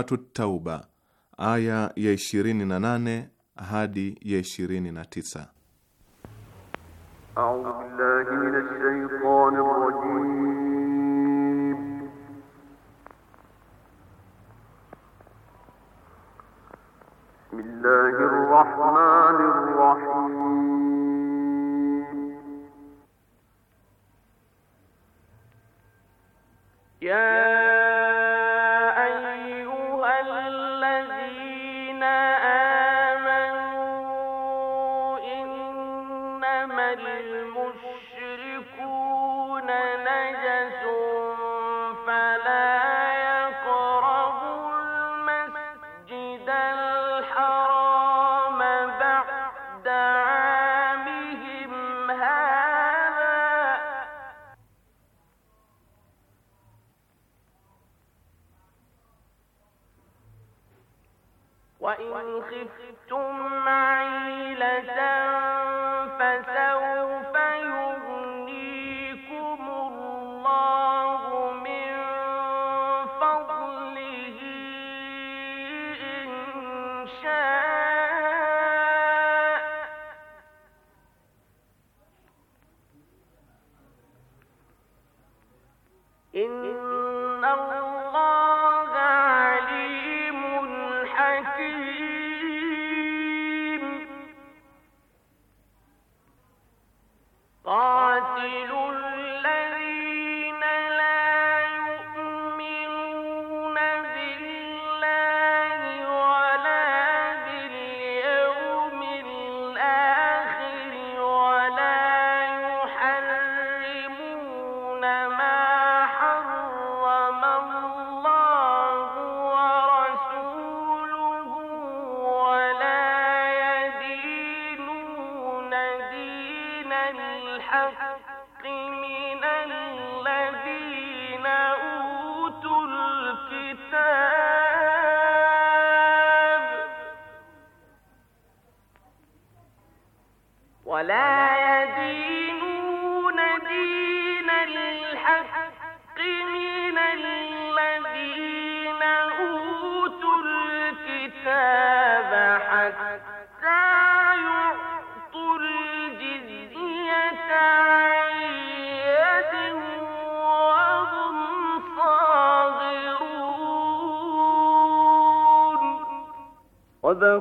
Suratut Tauba aya ya 28 hadi ya 29.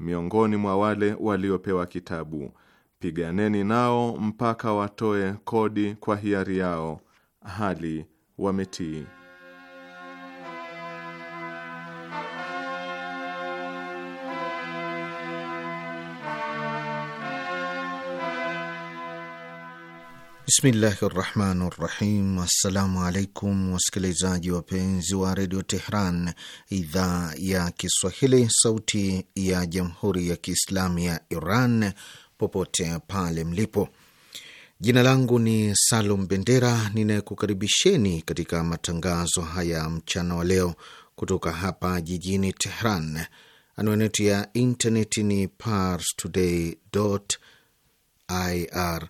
miongoni mwa wale waliopewa kitabu, piganeni nao mpaka watoe kodi kwa hiari yao, hali wametii. Bismillahi rahmani rahim. Assalamu alaikum wasikilizaji wapenzi wa redio Tehran, idhaa ya Kiswahili, sauti ya jamhuri ya kiislamu ya Iran, popote pale mlipo. Jina langu ni Salum Bendera ninayekukaribisheni katika matangazo haya mchana wa leo kutoka hapa jijini Tehran. Anwani yetu ya intaneti ni parstoday ir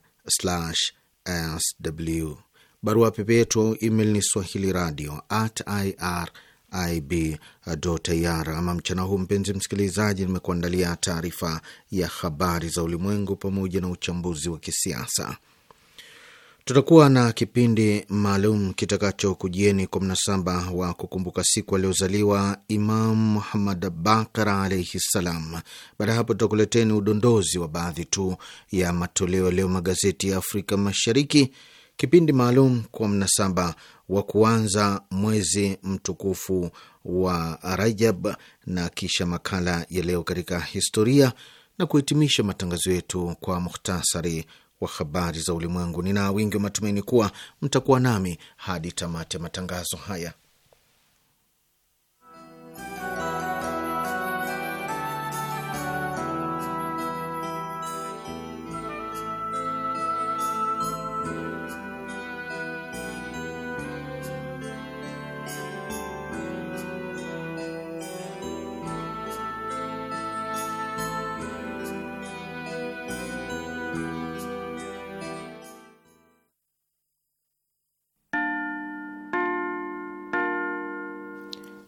sw. Barua pepe yetu au email ni swahili radio at irib.ir. Ama mchana huu, mpenzi msikilizaji, nimekuandalia taarifa ya habari za ulimwengu pamoja na uchambuzi wa kisiasa Tutakuwa na kipindi maalum kitakachokujieni kwa mnasaba wa kukumbuka siku aliozaliwa Imam Muhammad Baqir alaihi ssalam. Baada ya hapo, tutakuleteni udondozi wa baadhi tu ya matoleo leo magazeti ya Afrika Mashariki, kipindi maalum kwa mnasaba wa kuanza mwezi mtukufu wa Rajab, na kisha makala ya leo katika historia na kuhitimisha matangazo yetu kwa muhtasari wa habari za ulimwengu. Nina wingi wa matumaini kuwa mtakuwa nami hadi tamati ya matangazo haya.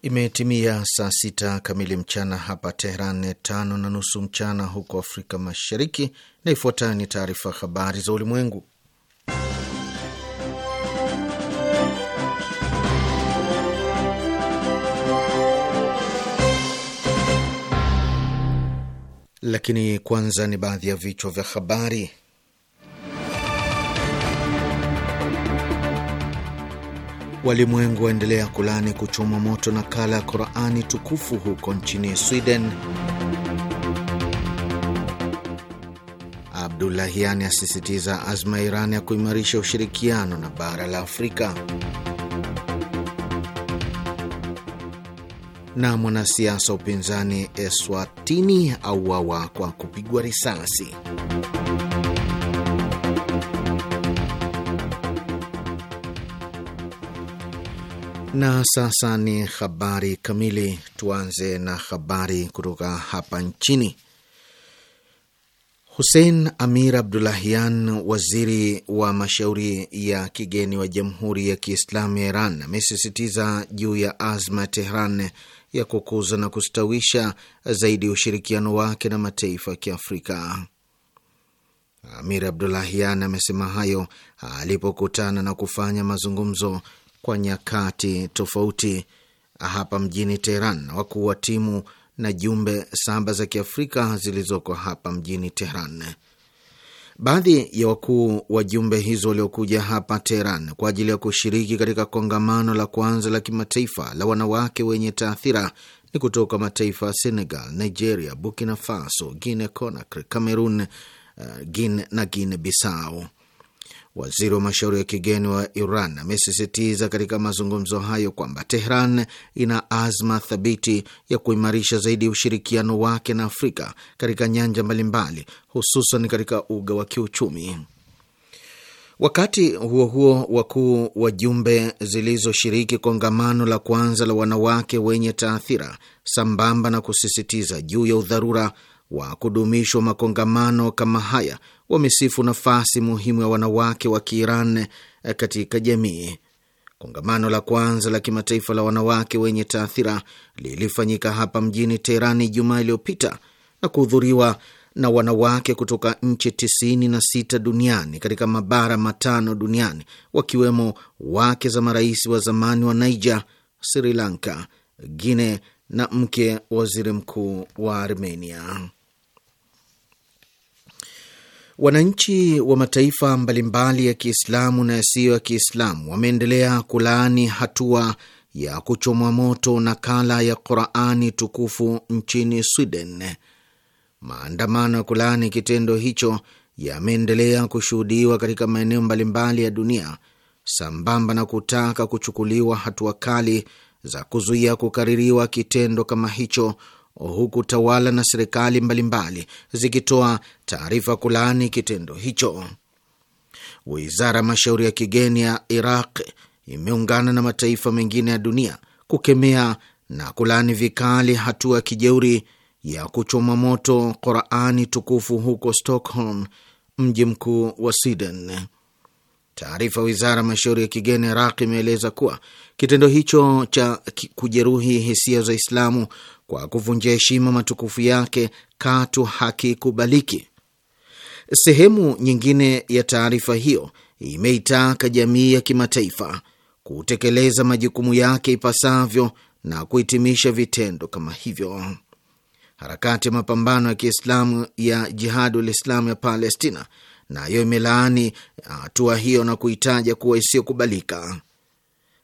Imetimia saa sita kamili mchana hapa Teheran, tano na nusu mchana huko Afrika Mashariki, na ifuatayo ni taarifa habari za ulimwengu. Lakini kwanza ni baadhi ya vichwa vya habari. Walimwengu waendelea kulani kuchoma moto nakala ya Qurani tukufu huko nchini Sweden. Abdullahiani asisitiza azma ya Iran ya kuimarisha ushirikiano na bara la Afrika. Na mwanasiasa upinzani Eswatini auawa kwa kupigwa risasi. Na sasa ni habari kamili. Tuanze na habari kutoka hapa nchini. Hussein Amir Abdullahian, waziri wa mashauri ya kigeni wa Jamhuri ya Kiislamu ya Iran, amesisitiza juu ya azma ya Tehran ya kukuza na kustawisha zaidi ushirikiano wake na mataifa ya Kiafrika. Amir Abdullahian amesema hayo alipokutana na kufanya mazungumzo kwa nyakati tofauti hapa mjini Teheran. Wakuu wa timu na jumbe saba za kiafrika zilizoko hapa mjini Teheran. Baadhi ya wakuu wa jumbe hizo waliokuja hapa Teheran kwa ajili ya kushiriki katika kongamano la kwanza la kimataifa la wanawake wenye taathira ni kutoka mataifa ya Senegal, Nigeria, Burkina Faso, Guine Conakry, Cameroon uh, Gine na Guine Bissau. Waziri wa mashauri ya kigeni wa Iran amesisitiza katika mazungumzo hayo kwamba Tehran ina azma thabiti ya kuimarisha zaidi ushirikiano wake na Afrika katika nyanja mbalimbali, hususan katika uga wa kiuchumi. Wakati huo huo, wakuu wa jumbe zilizoshiriki kongamano la kwanza la wanawake wenye taathira, sambamba na kusisitiza juu ya udharura wa kudumishwa makongamano kama haya wamesifu nafasi muhimu ya wanawake wa Kiiran katika jamii. Kongamano la kwanza la kimataifa la wanawake wenye taathira lilifanyika hapa mjini Teherani Ijumaa iliyopita na kuhudhuriwa na wanawake kutoka nchi tisini na sita duniani katika mabara matano duniani wakiwemo wake za marais wa zamani wa Niger, Sri Lanka, Guinea na mke waziri mkuu wa Armenia. Wananchi wa mataifa mbalimbali ya Kiislamu na yasiyo ya Kiislamu wameendelea kulaani hatua ya kuchomwa moto nakala ya Qurani tukufu nchini Sweden. Maandamano ya kulaani kitendo hicho yameendelea kushuhudiwa katika maeneo mbalimbali ya dunia sambamba na kutaka kuchukuliwa hatua kali za kuzuia kukaririwa kitendo kama hicho huku tawala na serikali mbalimbali zikitoa taarifa kulaani kitendo hicho. Wizara ya mashauri ya kigeni ya Iraq imeungana na mataifa mengine ya dunia kukemea na kulaani vikali hatua ya kijeuri ya kuchoma moto Qurani tukufu huko Stockholm, mji mkuu wa Sweden. Taarifa wizara ya mashauri ya kigeni Iraq imeeleza kuwa kitendo hicho cha kujeruhi hisia za Islamu kwa kuvunja heshima matukufu yake katu hakikubaliki. Sehemu nyingine ya taarifa hiyo imeitaka jamii ya kimataifa kutekeleza majukumu yake ipasavyo na kuhitimisha vitendo kama hivyo. Harakati ya mapambano ya Kiislamu ya Jihadul Islamu ya Palestina nayo imelaani hatua hiyo na kuitaja kuwa isiyokubalika.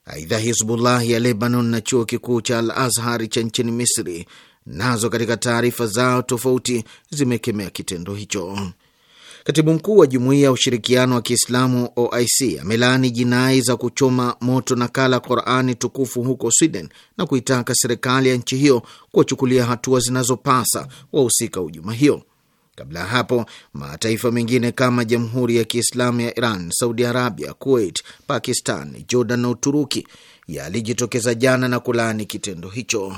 Aidha, Hizbullah ya Lebanon na chuo kikuu cha Al Azhar cha nchini Misri nazo katika taarifa zao tofauti zimekemea kitendo hicho. Katibu mkuu wa jumuiya ya ushirikiano wa Kiislamu OIC amelaani jinai za kuchoma moto nakala Qurani tukufu huko Sweden na kuitaka serikali ya nchi hiyo kuwachukulia hatua zinazopasa wahusika hujuma hiyo. Kabla ya hapo mataifa mengine kama Jamhuri ya Kiislamu ya Iran, Saudi Arabia, Kuwait, Pakistan, Jordan na Uturuki yalijitokeza jana na kulaani kitendo hicho.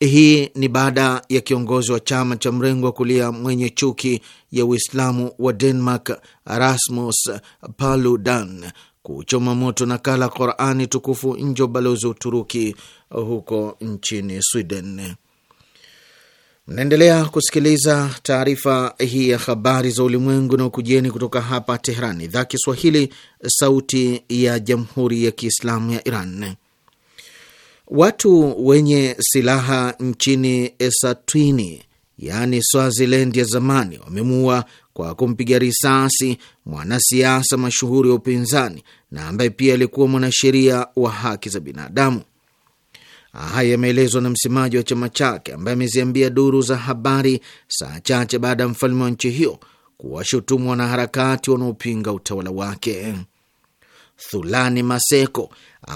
Hii ni baada ya kiongozi wa chama cha mrengo wa kulia mwenye chuki ya Uislamu wa Denmark, Rasmus Paludan, kuchoma moto nakala Qurani tukufu nje ya ubalozi wa Uturuki huko nchini Sweden. Mnaendelea kusikiliza taarifa hii ya habari za ulimwengu na ukujieni kutoka hapa Teherani, idhaa Kiswahili, sauti ya jamhuri ya kiislamu ya Iran. Watu wenye silaha nchini Eswatini, yaani Swaziland ya zamani, wamemuua kwa kumpiga risasi mwanasiasa mashuhuri wa upinzani na ambaye pia alikuwa mwanasheria wa haki za binadamu. Haya yameelezwa na msemaji wa chama chake ambaye ameziambia duru za habari saa chache baada ya mfalme wa nchi hiyo kuwashutumu wanaharakati wanaopinga utawala wake. Thulani Maseko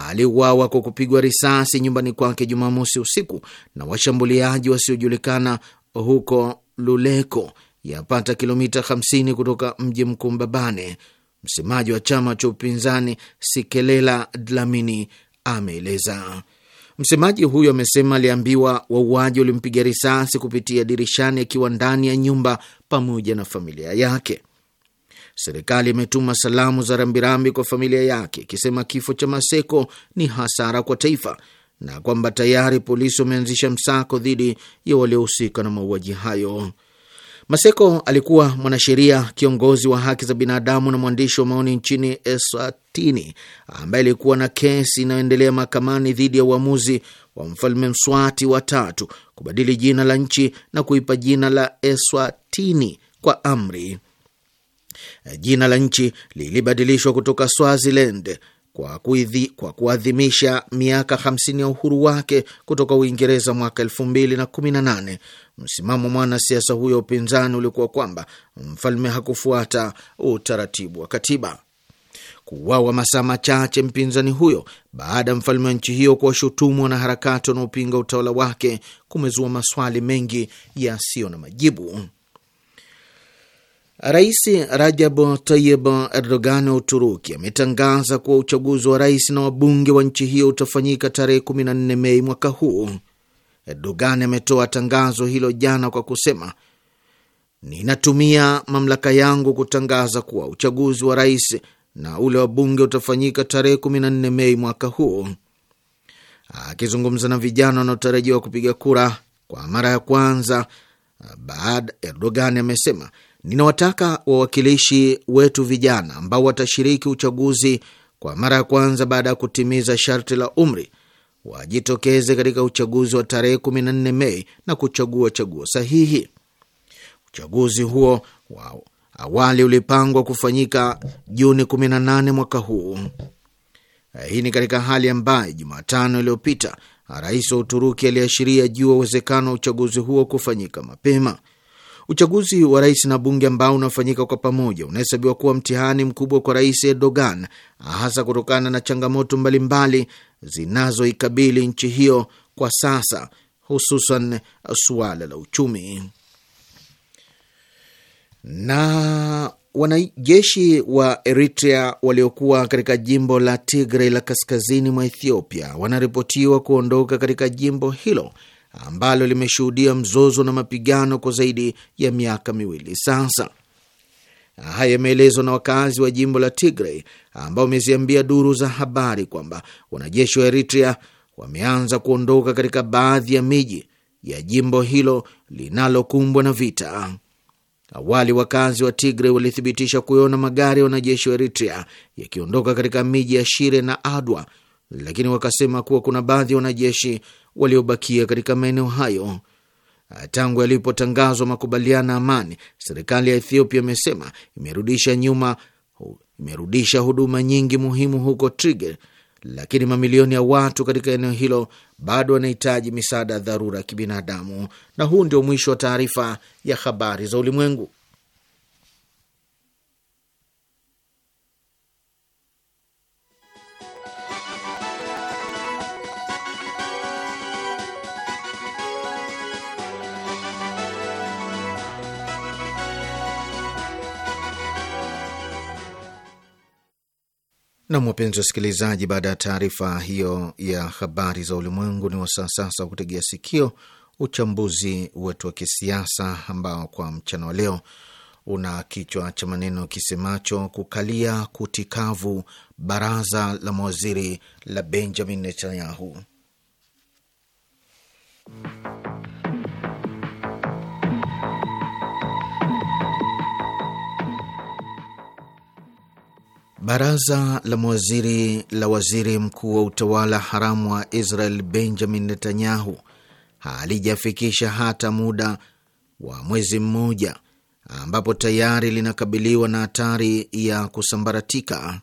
aliuawa kwa kupigwa risasi nyumbani kwake Jumamosi usiku na washambuliaji wasiojulikana huko Luleko, yapata kilomita 50 kutoka mji mkuu Mbabane. Msemaji wa chama cha upinzani Sikelela Dlamini ameeleza Msemaji huyo amesema aliambiwa wauaji walimpiga risasi kupitia dirishani akiwa ndani ya nyumba pamoja na familia yake. Serikali imetuma salamu za rambirambi kwa familia yake ikisema kifo cha Maseko ni hasara kwa taifa na kwamba tayari polisi wameanzisha msako dhidi ya waliohusika na mauaji hayo. Maseko alikuwa mwanasheria, kiongozi wa haki za binadamu na mwandishi wa maoni nchini Eswatini, ambaye alikuwa na kesi inayoendelea mahakamani dhidi ya uamuzi wa mfalme Mswati wa tatu kubadili jina la nchi na kuipa jina la Eswatini kwa amri. Jina la nchi lilibadilishwa kutoka Swaziland kwa, kuidhi, kwa kuadhimisha miaka 50 ya uhuru wake kutoka Uingereza mwaka 2018, msimamo mwanasiasa huyo upinzani ulikuwa kwamba mfalme hakufuata utaratibu wa katiba. Kuuawa masaa machache mpinzani huyo baada ya mfalme wa nchi hiyo kuwashutumu wanaharakati wanaopinga utawala wake kumezua maswali mengi yasiyo na majibu. Rais Rajab Tayyib Erdogan wa Uturuki ametangaza kuwa uchaguzi wa rais na wabunge wa nchi hiyo utafanyika tarehe 14 Mei mwaka huu. Erdogan ametoa tangazo hilo jana kwa kusema, ninatumia mamlaka yangu kutangaza kuwa uchaguzi wa rais na ule wa bunge utafanyika tarehe 14 Mei mwaka huu. Akizungumza na vijana wanaotarajiwa kupiga kura kwa mara ya kwanza, baada Erdogan amesema Ninawataka wawakilishi wetu vijana ambao watashiriki uchaguzi kwa mara ya kwanza baada ya kutimiza sharti la umri wajitokeze katika uchaguzi wa tarehe 14 Mei na kuchagua chaguo sahihi. Uchaguzi huo wa awali ulipangwa kufanyika Juni 18 mwaka huu. Hii ni katika hali ambayo Jumatano iliyopita rais wa Uturuki aliashiria juu ya uwezekano wa uchaguzi huo kufanyika mapema. Uchaguzi wa rais na bunge ambao unafanyika kwa pamoja unahesabiwa kuwa mtihani mkubwa kwa Rais Erdogan, hasa kutokana na changamoto mbalimbali zinazoikabili nchi hiyo kwa sasa, hususan suala la uchumi. Na wanajeshi wa Eritrea waliokuwa katika jimbo la Tigray la kaskazini mwa Ethiopia wanaripotiwa kuondoka katika jimbo hilo ambalo limeshuhudia mzozo na mapigano kwa zaidi ya miaka miwili sasa. Haya yameelezwa na wakazi wa jimbo la Tigray ambao wameziambia duru za habari kwamba wanajeshi wa Eritrea wameanza kuondoka katika baadhi ya miji ya jimbo hilo linalokumbwa na vita. Awali wakazi wa Tigre walithibitisha kuona magari ya wanajeshi wa Eritrea yakiondoka katika miji ya Shire na Adwa, lakini wakasema kuwa kuna baadhi ya wanajeshi waliobakia katika maeneo hayo. Tangu yalipotangazwa makubaliano ya amani, serikali ya Ethiopia imesema imerudisha nyuma, imerudisha huduma nyingi muhimu huko Tigray, lakini mamilioni ya watu katika eneo hilo bado wanahitaji misaada ya dharura ya kibinadamu. Na huu ndio mwisho wa taarifa ya habari za ulimwengu. Na wapenzi wasikilizaji, baada ya taarifa hiyo ya habari za ulimwengu, ni wasaa sasa wa kutegea sikio uchambuzi wetu wa kisiasa ambao kwa mchana wa leo una kichwa cha maneno kisemacho kukalia kutikavu baraza la mawaziri la Benjamin Netanyahu. Baraza la mawaziri la waziri mkuu wa utawala haramu wa Israel Benjamin Netanyahu halijafikisha hata muda wa mwezi mmoja ambapo tayari linakabiliwa na hatari ya kusambaratika.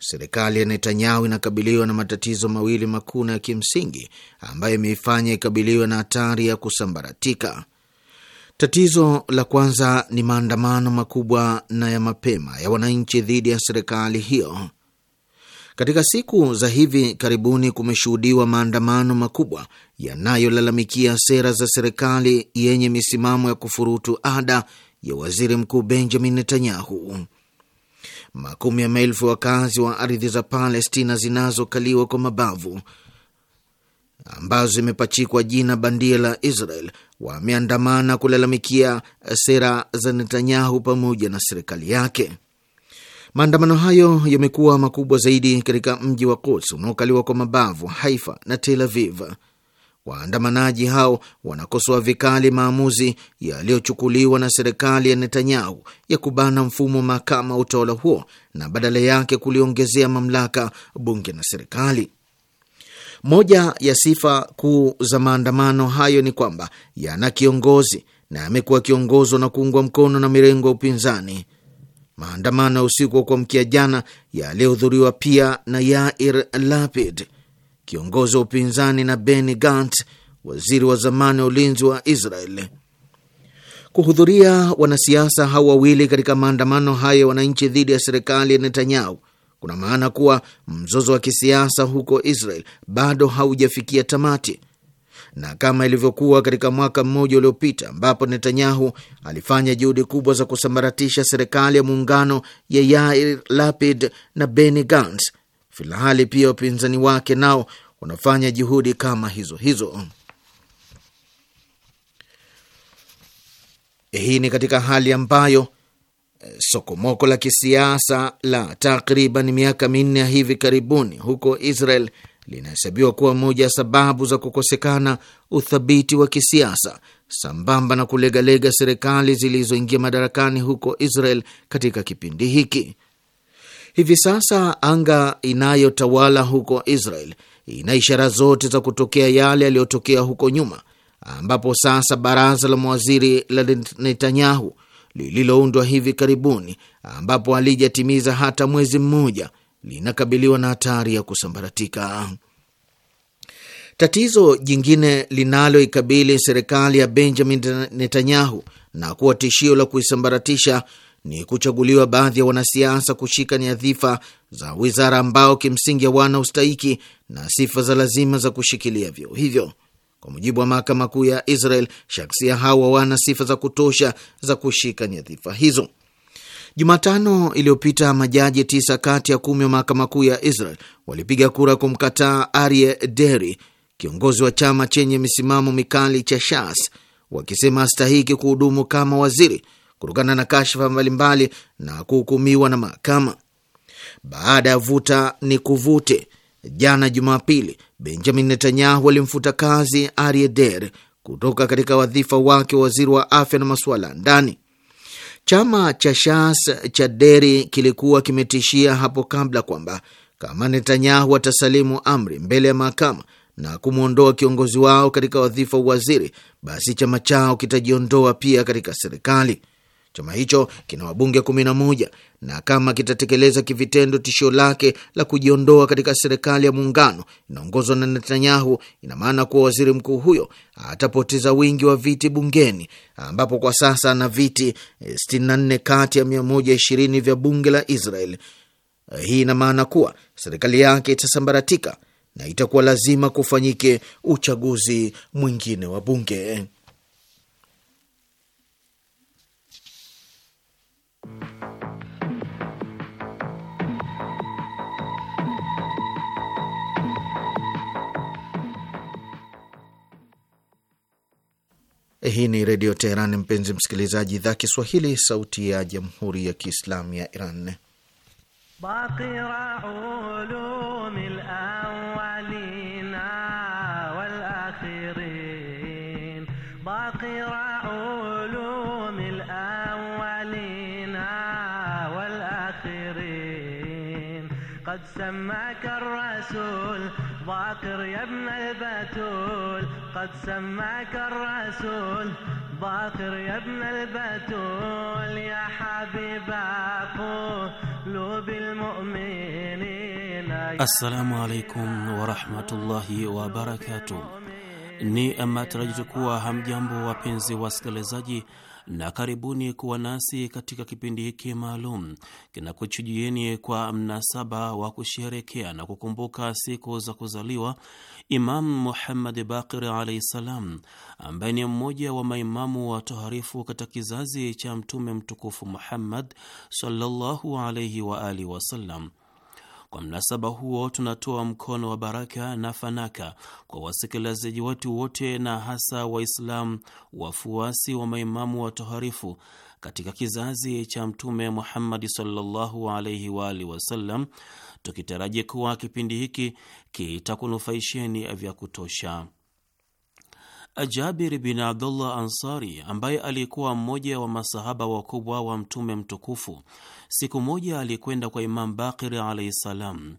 Serikali ya Netanyahu inakabiliwa na matatizo mawili makuu na ya kimsingi ambayo imeifanya ikabiliwe na hatari ya kusambaratika. Tatizo la kwanza ni maandamano makubwa na ya mapema ya wananchi dhidi ya serikali hiyo. Katika siku za hivi karibuni kumeshuhudiwa maandamano makubwa yanayolalamikia sera za serikali yenye misimamo ya kufurutu ada ya waziri mkuu Benjamin Netanyahu. Makumi ya maelfu wakazi wa ardhi za Palestina zinazokaliwa kwa mabavu ambazo zimepachikwa jina bandia la Israel wameandamana kulalamikia sera za Netanyahu pamoja na serikali yake. Maandamano hayo yamekuwa makubwa zaidi katika mji wa Quds unaokaliwa kwa mabavu, Haifa na Tel Aviv. Waandamanaji hao wanakosoa vikali maamuzi yaliyochukuliwa na serikali ya Netanyahu ya kubana mfumo wa mahakama wa utawala huo na badala yake kuliongezea mamlaka bunge na serikali. Moja ya sifa kuu za maandamano hayo ni kwamba yana kiongozi na amekuwa akiongozwa na kuungwa mkono na mirengo ya upinzani. Maandamano ya usiku wa kuamkia jana yaliyohudhuriwa pia na Yair Lapid, kiongozi wa upinzani, na Benny Gantz, waziri wa zamani wa ulinzi wa Israel. Kuhudhuria wanasiasa hao wawili katika maandamano hayo ya wananchi dhidi ya serikali ya Netanyahu kuna maana kuwa mzozo wa kisiasa huko Israel bado haujafikia tamati, na kama ilivyokuwa katika mwaka mmoja uliopita ambapo Netanyahu alifanya juhudi kubwa za kusambaratisha serikali ya muungano ya Yair Lapid na Benny Gantz, filhali pia wapinzani wake nao wanafanya juhudi kama hizo hizo. Hii ni katika hali ambayo sokomoko la kisiasa la takriban miaka minne ya hivi karibuni huko Israel linahesabiwa kuwa moja ya sababu za kukosekana uthabiti wa kisiasa sambamba na kulegalega serikali zilizoingia madarakani huko Israel katika kipindi hiki. Hivi sasa anga inayotawala huko Israel ina ishara zote za kutokea yale yaliyotokea huko nyuma, ambapo sasa baraza la mawaziri la Netanyahu lililoundwa hivi karibuni, ambapo halijatimiza hata mwezi mmoja, linakabiliwa na hatari ya kusambaratika. Tatizo jingine linaloikabili serikali ya Benjamin Netanyahu na kuwa tishio la kuisambaratisha ni kuchaguliwa baadhi ya wanasiasa kushika nyadhifa za wizara ambao kimsingi hawana ustahiki na sifa za lazima za kushikilia vyeo hivyo. Kwa mujibu wa mahakama kuu ya Israel, shaksia hawa wana sifa za kutosha za kushika nyadhifa hizo. Jumatano iliyopita majaji tisa kati ya kumi wa mahakama kuu ya Israel walipiga kura kumkataa Arie Deri, kiongozi wa chama chenye misimamo mikali cha Shas, wakisema astahiki kuhudumu kama waziri kutokana na kashfa mbalimbali na kuhukumiwa na mahakama baada ya vuta ni kuvute. Jana Jumapili, Benjamin Netanyahu alimfuta kazi Arie Der kutoka katika wadhifa wake wa waziri wa afya na masuala ya ndani. Chama cha Shas cha Deri kilikuwa kimetishia hapo kabla kwamba kama Netanyahu atasalimu amri mbele ya mahakama na kumwondoa kiongozi wao katika wadhifa uwaziri, basi chama chao kitajiondoa pia katika serikali. Chama hicho kina wabunge kumi na moja na kama kitatekeleza kivitendo tishio lake la kujiondoa katika serikali ya muungano inaongozwa na Netanyahu, ina maana kuwa waziri mkuu huyo atapoteza wingi wa viti bungeni, ambapo kwa sasa ana viti 64 eh, kati ya 120 vya bunge la Israel. Eh, hii ina maana kuwa serikali yake itasambaratika na itakuwa lazima kufanyike uchaguzi mwingine wa bunge. Hii ni Redio Teheran, mpenzi msikilizaji, idhaa Kiswahili, sauti ya jamhuri ya kiislamu ya Iran. سماك الرسول باقر يا ابن البتول قد سماك الرسول باقر يا ابن البتول يا حبيب أقول المؤمنين السلام عليكم ورحمة الله وبركاته ni amat rajukua hamjambo wapenzi wasikilizaji na karibuni kuwa nasi katika kipindi hiki maalum kinakuchujieni kwa mnasaba wa kusherekea na kukumbuka siku za kuzaliwa Imamu Muhammad Baqir alaihi ssalam ambaye ni mmoja wa maimamu watoharifu katika kizazi cha Mtume mtukufu Muhammad sallallahu alaihi waalihi wasallam kwa mnasaba huo, tunatoa mkono wa baraka na fanaka kwa wasikilizaji wetu wote na hasa Waislamu wafuasi wa maimamu watoharifu katika kizazi cha Mtume Muhammadi sallallahu alaihi wa alihi wasallam, tukitarajia kuwa kipindi hiki kitakunufaisheni vya kutosha. Jabir bin Abdullah Ansari ambaye alikuwa mmoja wa masahaba wakubwa wa Mtume mtukufu, siku moja alikwenda kwa Imam Bakir alaihi salam.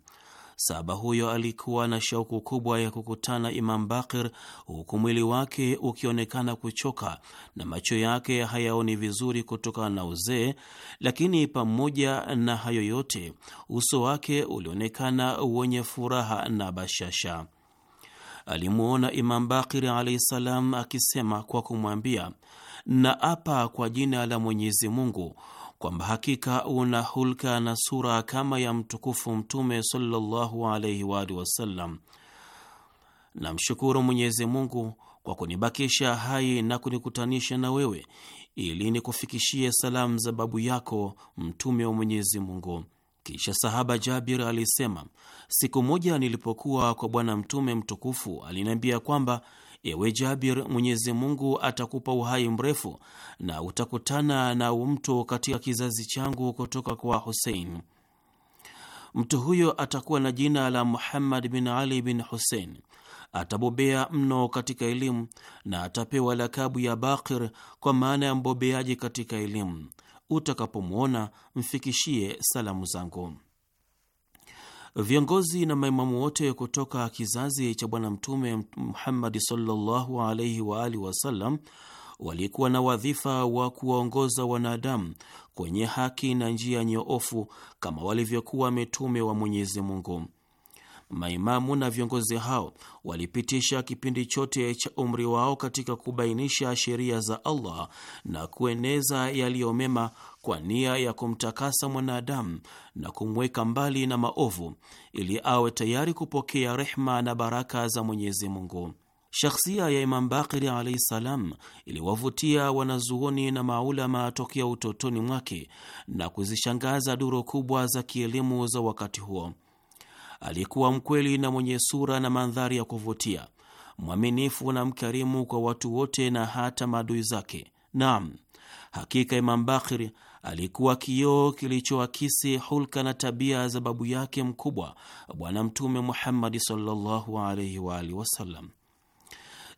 Sahaba huyo alikuwa na shauku kubwa ya kukutana Imam Bakir, huku mwili wake ukionekana kuchoka na macho yake hayaoni vizuri kutokana na uzee, lakini pamoja na hayo yote uso wake ulionekana wenye furaha na bashasha alimwona Imam Bakiri alaihi ssalam akisema kwa kumwambia, na apa kwa jina la Mwenyezi Mungu kwamba hakika una hulka na sura kama ya mtukufu Mtume sallallahu alaihi waalihi wasallam. Namshukuru Mwenyezi Mungu kwa kunibakisha hai na kunikutanisha na wewe ili nikufikishie salamu za babu yako Mtume wa Mwenyezi Mungu. Kisha sahaba Jabir alisema, siku moja nilipokuwa kwa Bwana Mtume mtukufu aliniambia kwamba ewe Jabir, Mwenyezi Mungu atakupa uhai mrefu na utakutana na mtu katika kizazi changu kutoka kwa Husein. Mtu huyo atakuwa na jina la Muhammad bin Ali bin Husein. Atabobea mno katika elimu na atapewa lakabu ya Bakir, kwa maana ya mbobeaji katika elimu utakapomwona mfikishie salamu zangu. Viongozi na maimamu wote kutoka kizazi cha Bwana Mtume Muhammadi sallallahu alaihi wasallam walikuwa na wadhifa wa kuwaongoza wanadamu kwenye haki na njia nyoofu kama walivyokuwa mitume wa Mwenyezi Mungu. Maimamu na viongozi hao walipitisha kipindi chote cha umri wao katika kubainisha sheria za Allah na kueneza yaliyomema kwa nia ya kumtakasa mwanadamu na kumweka mbali na maovu ili awe tayari kupokea rehma na baraka za Mwenyezi Mungu. Shakhsia ya Imam Bakiri alaihi salam iliwavutia wanazuoni na maulama tokea utotoni mwake na kuzishangaza duru kubwa za kielimu za wakati huo alikuwa mkweli na mwenye sura na mandhari ya kuvutia, mwaminifu na mkarimu kwa watu wote na hata maadui zake. Naam, hakika Imam Bakir alikuwa kioo kilichoakisi hulka na tabia za babu yake mkubwa Bwana Mtume Muhammadi sallallahu alaihi wa alihi wasallam.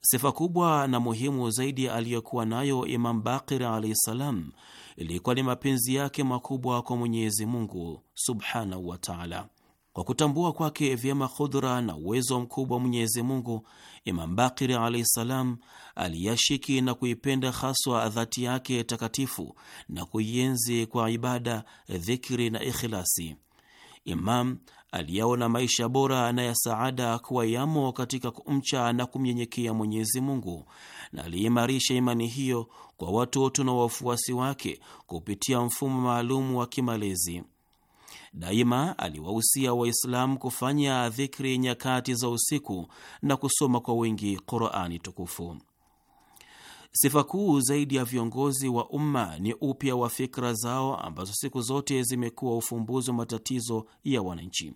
Sifa kubwa na muhimu zaidi aliyokuwa nayo Imam Bakir alaihi salam ilikuwa ni mapenzi yake makubwa kwa Mwenyezi Mungu subhanahu wa taala. Kwa kutambua kwake vyema khudhura na uwezo mkubwa wa Mwenyezi Mungu, Imam Bakiri alaihi ssalam aliyashiki na kuipenda haswa dhati yake takatifu na kuienzi kwa ibada, dhikri na ikhilasi. Imam aliyaona maisha bora na ya saada kuwa yamo katika kumcha na kumnyenyekea Mwenyezi Mungu, na aliimarisha imani hiyo kwa watoto na wafuasi wake kupitia mfumo maalumu wa kimalezi. Daima aliwahusia Waislamu kufanya dhikri nyakati za usiku na kusoma kwa wingi Qurani tukufu. Sifa kuu zaidi ya viongozi wa umma ni upya wa fikra zao ambazo siku zote zimekuwa ufumbuzi wa matatizo ya wananchi.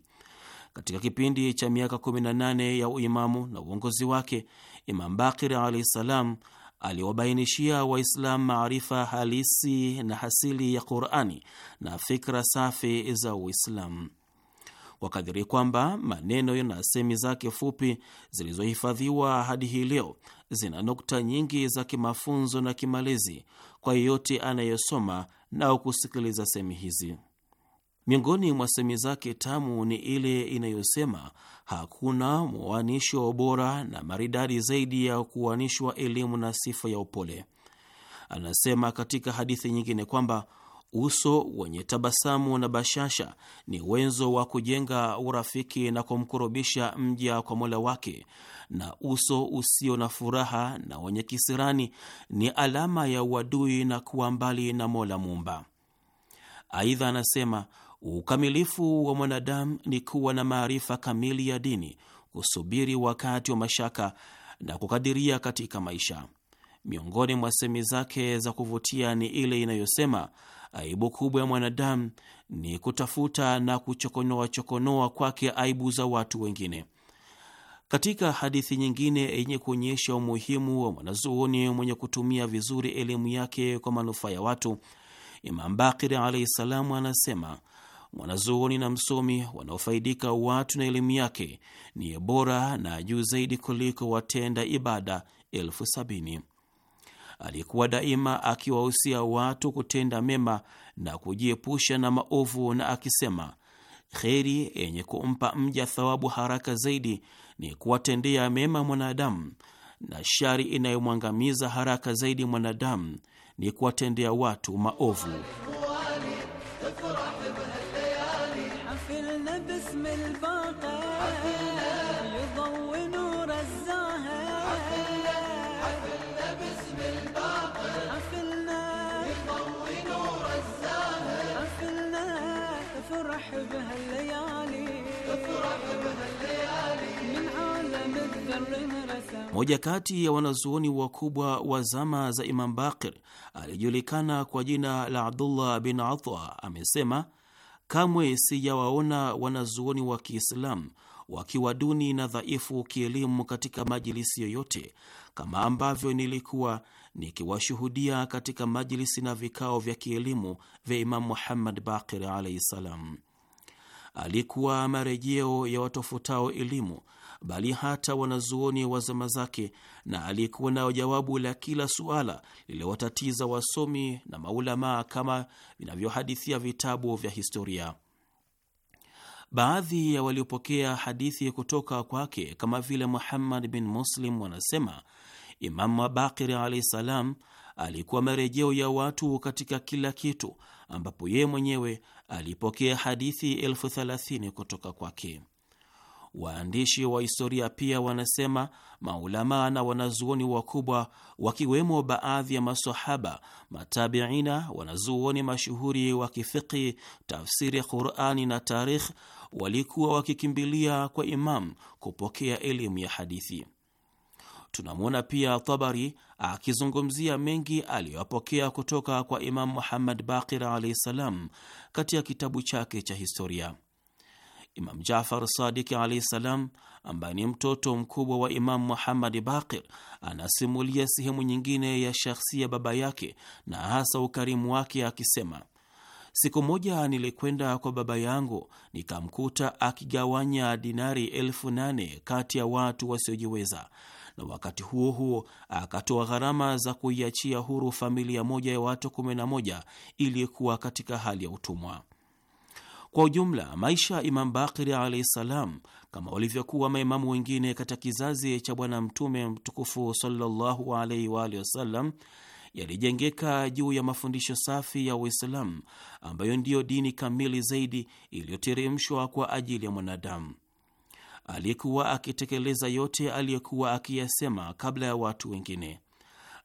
Katika kipindi cha miaka 18 ya uimamu na uongozi wake, Imam Bakir alahi ssalam aliwabainishia Waislamu maarifa halisi na hasili ya Qurani na fikra safi za Uislamu wakadhiri kwamba maneno na semi zake fupi zilizohifadhiwa hadi hii leo zina nukta nyingi za kimafunzo na kimalezi kwa yeyote anayesoma na kusikiliza semi hizi. Miongoni mwa semi zake tamu ni ile inayosema hakuna muanisho bora na maridadi zaidi ya kuanishwa elimu na sifa ya upole. Anasema katika hadithi nyingine kwamba uso wenye tabasamu na bashasha ni wenzo wa kujenga urafiki na kumkurubisha mja kwa Mola wake, na uso usio na furaha na wenye kisirani ni alama ya uadui na kuwa mbali na Mola Muumba. Aidha anasema Ukamilifu wa mwanadamu ni kuwa na maarifa kamili ya dini, kusubiri wakati wa mashaka na kukadiria katika maisha. Miongoni mwa semi zake za kuvutia ni ile inayosema aibu kubwa ya mwanadamu ni kutafuta na kuchokonoa chokonoa kwake aibu za watu wengine. Katika hadithi nyingine yenye kuonyesha umuhimu wa mwanazuoni mwenye kutumia vizuri elimu yake kwa manufaa ya watu, Imam Bakiri alaihi salamu anasema mwanazuoni na msomi wanaofaidika watu na elimu yake ni bora na juu zaidi kuliko watenda ibada elfu sabini. Alikuwa daima akiwahusia watu kutenda mema na kujiepusha na maovu, na akisema kheri yenye kumpa mja thawabu haraka zaidi ni kuwatendea mema mwanadamu, na shari inayomwangamiza haraka zaidi mwanadamu ni kuwatendea watu maovu. يلم الباقي يضوي نور الزاهر حفلنا باسم الباقي حفلنا يضوي نور الزاهر حفلنا تفرح بهالليالي تفرح بهالليالي من عالم الذر moja kati ya wanazuoni wakubwa wa zama za Imam Bakir aliyejulikana kwa jina la Abdullah bin Atha amesema Kamwe sijawaona wanazuoni wa Kiislamu wakiwa duni na dhaifu kielimu katika majilisi yoyote, kama ambavyo nilikuwa nikiwashuhudia katika majilisi na vikao vya kielimu vya Imamu Muhammad Baqir alaihi ssalam. Alikuwa marejeo ya watofutao elimu bali hata wanazuoni wa zama zake, na aliyekuwa nayo jawabu la kila suala lililowatatiza wasomi na maulamaa kama vinavyohadithia vitabu vya historia. Baadhi ya waliopokea hadithi kutoka kwake kama vile Muhammad bin Muslim wanasema Imamu Bakiri alaihi salam alikuwa marejeo ya watu katika kila kitu, ambapo yeye mwenyewe alipokea hadithi elfu thelathini kutoka kwake. Waandishi wa historia pia wanasema maulamaa na wanazuoni wakubwa wakiwemo baadhi ya masahaba, matabiina, wanazuoni mashuhuri wa kifiqi tafsiri Qurani na tarikh walikuwa wakikimbilia kwa Imam kupokea elimu ya hadithi. Tunamwona pia Tabari akizungumzia mengi aliyopokea kutoka kwa Imamu Muhammad Baqir alaihi ssalam katika kitabu chake cha historia. Imam Jafar Sadiki alaihi salam, ambaye ni mtoto mkubwa wa Imamu Muhammad Baqir, anasimulia sehemu nyingine ya shakhsia baba yake na hasa ukarimu wake akisema Siku moja nilikwenda kwa baba yangu nikamkuta akigawanya dinari elfu nane kati ya watu wasiojiweza, na wakati huo huo akatoa gharama za kuiachia huru familia moja ya watu 11 iliyokuwa katika hali ya utumwa. Kwa ujumla, maisha ya Imam Bakiri alaihi ssalam, kama walivyokuwa maimamu wengine katika kizazi cha Bwana Mtume mtukufu sallallahu alaihi waalihi wasallam, yalijengeka juu ya mafundisho safi ya Uislamu ambayo ndiyo dini kamili zaidi iliyoteremshwa kwa ajili ya mwanadamu. Aliyekuwa akitekeleza yote aliyekuwa akiyasema kabla ya watu wengine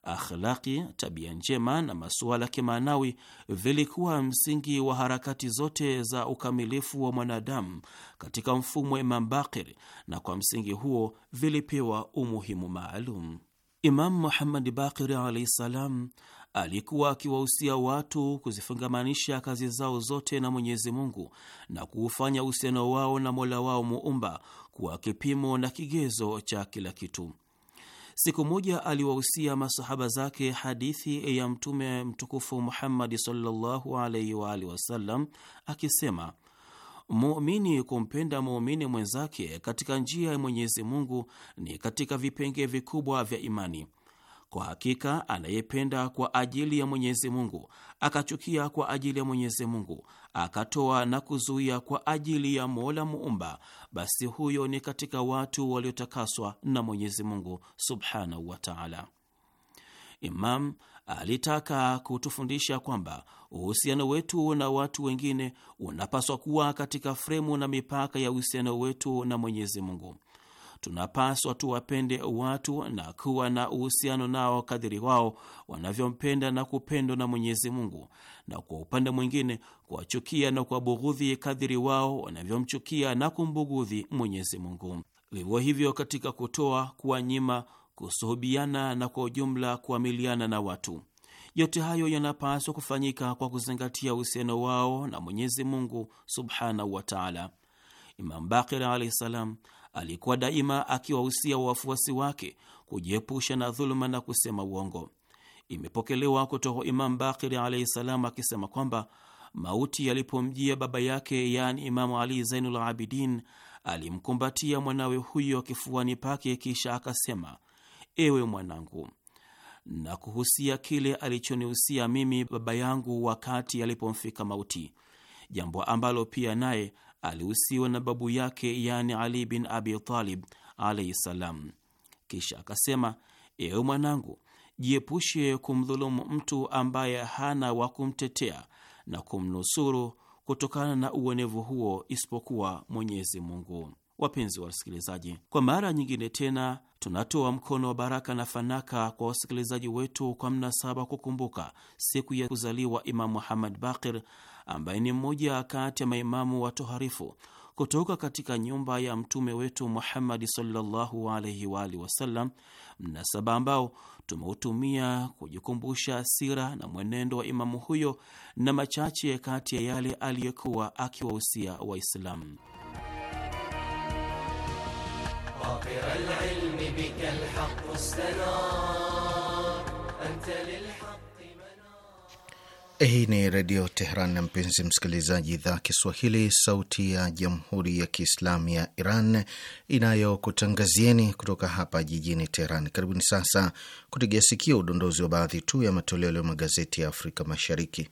akhlaki, tabia njema na masuala kimaanawi vilikuwa msingi wa harakati zote za ukamilifu wa mwanadamu katika mfumo wa Imam Bakir, na kwa msingi huo vilipewa umuhimu maalum. Imam Muhammad Bakir alaihi salam alikuwa akiwahusia watu kuzifungamanisha kazi zao zote na Mwenyezi Mungu na kuufanya uhusiano wao na Mola wao muumba kuwa kipimo na kigezo cha kila kitu. Siku moja aliwahusia masahaba zake hadithi ya Mtume mtukufu Muhammadi sallallahu alaihi wa alihi wasallam akisema, muumini kumpenda muumini mwenzake katika njia ya Mwenyezi Mungu ni katika vipenge vikubwa vya imani kwa hakika anayependa kwa ajili ya Mwenyezi Mungu akachukia kwa ajili ya Mwenyezi Mungu akatoa na kuzuia kwa ajili ya Mola Muumba, basi huyo ni katika watu waliotakaswa na Mwenyezi Mungu subhanahu wa taala. Imam alitaka kutufundisha kwamba uhusiano wetu na watu wengine unapaswa kuwa katika fremu na mipaka ya uhusiano wetu na Mwenyezi Mungu tunapaswa tuwapende watu na kuwa na uhusiano nao kadhiri wao wanavyompenda na kupendwa na Mwenyezi Mungu, na kwa upande mwingine kuwachukia na kuwabughudhi kadhiri wao wanavyomchukia na kumbughudhi Mwenyezi Mungu. Vivyo hivyo katika kutoa, kuwanyima, kusuhubiana na kwa ujumla kuamiliana na watu, yote hayo yanapaswa kufanyika kwa kuzingatia uhusiano wao na Mwenyezi Mungu subhanahu wa taala. Imam Bakir alahi salam alikuwa daima akiwahusia wafuasi wake kujiepusha na dhuluma na kusema uongo. Imepokelewa kutoka Imamu Bakiri alaihi salam akisema kwamba mauti yalipomjia baba yake, yaani Imamu Ali Zainul Abidin, alimkumbatia mwanawe huyo kifuani pake, kisha akasema, ewe mwanangu, na kuhusia kile alichonihusia mimi baba yangu wakati alipomfika mauti, jambo ambalo pia naye alihusiwa na babu yake, yani Ali bin Abi Talib alaihi salam. Kisha akasema, ewe mwanangu, jiepushe kumdhulumu mtu ambaye hana wa kumtetea na kumnusuru kutokana na uonevu huo isipokuwa Mwenyezi Mungu. Wapenzi wa wasikilizaji, kwa mara nyingine tena tunatoa mkono wa baraka na fanaka kwa wasikilizaji wetu kwa mnasaba kukumbuka siku ya kuzaliwa Imamu Muhammad Bakir ambaye ni mmoja kati ya maimamu watoharifu kutoka katika nyumba ya mtume wetu Muhammadi sallallahu alaihi wasallam, mnasaba ambao tumeutumia kujikumbusha sira na mwenendo wa imamu huyo na machache kati ya yale aliyokuwa akiwahusia Waislamu. Hii ni Redio teheran na mpenzi msikilizaji, idhaa Kiswahili sauti ya Jamhuri ya Kiislamu ya Iran inayokutangazieni kutoka hapa jijini teheran Karibuni sasa kutegea sikio udondozi wa baadhi tu ya matoleo ya magazeti ya Afrika Mashariki.